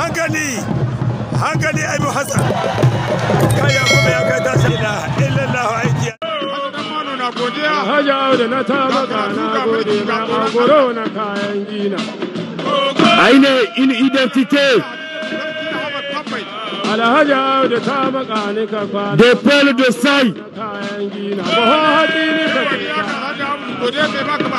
hankali hankali abu hassan kaya kuma ya kai tashi na illallahu aiki Haja da na tabaka na gode na agoro na kayan gina. Aine in Alhaja da tabaka ni ka kwana. De pel de sai. Kayan gina. ka kwana. Gode mai baka ba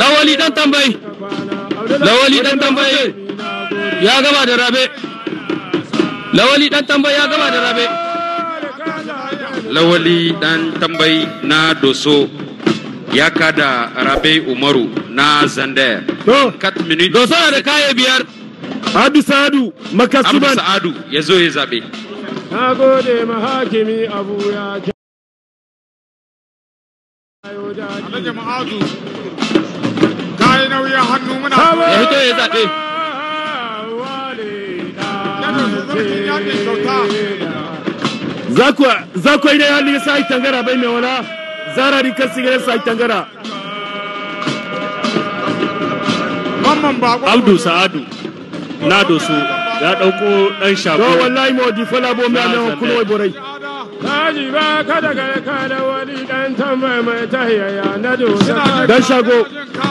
Lawali dan tambayi. dan Ya gama da rabe. na doso ya kada rabe Umaru na Zandaya. doso da kaya biyar. Abdu Sa'adu makasuban. Abdu Sa'adu ya zo ya zabe. Na gode mahakimi abu Alhaji Ma'azu ka yi nauyin hannu muna ya fito ya zaɓe. Zakwa zakwa ile hali sai tangara bai mai wala zara ni kasi gare sai tangara. Mamman bako. Abdu Sa'adu na doso. ya ɗauko ɗan shago to wallahi mo di fala bo mi anan kuno e borai kaji ba kada kada wani dan tamma mai tahiya na do dan shago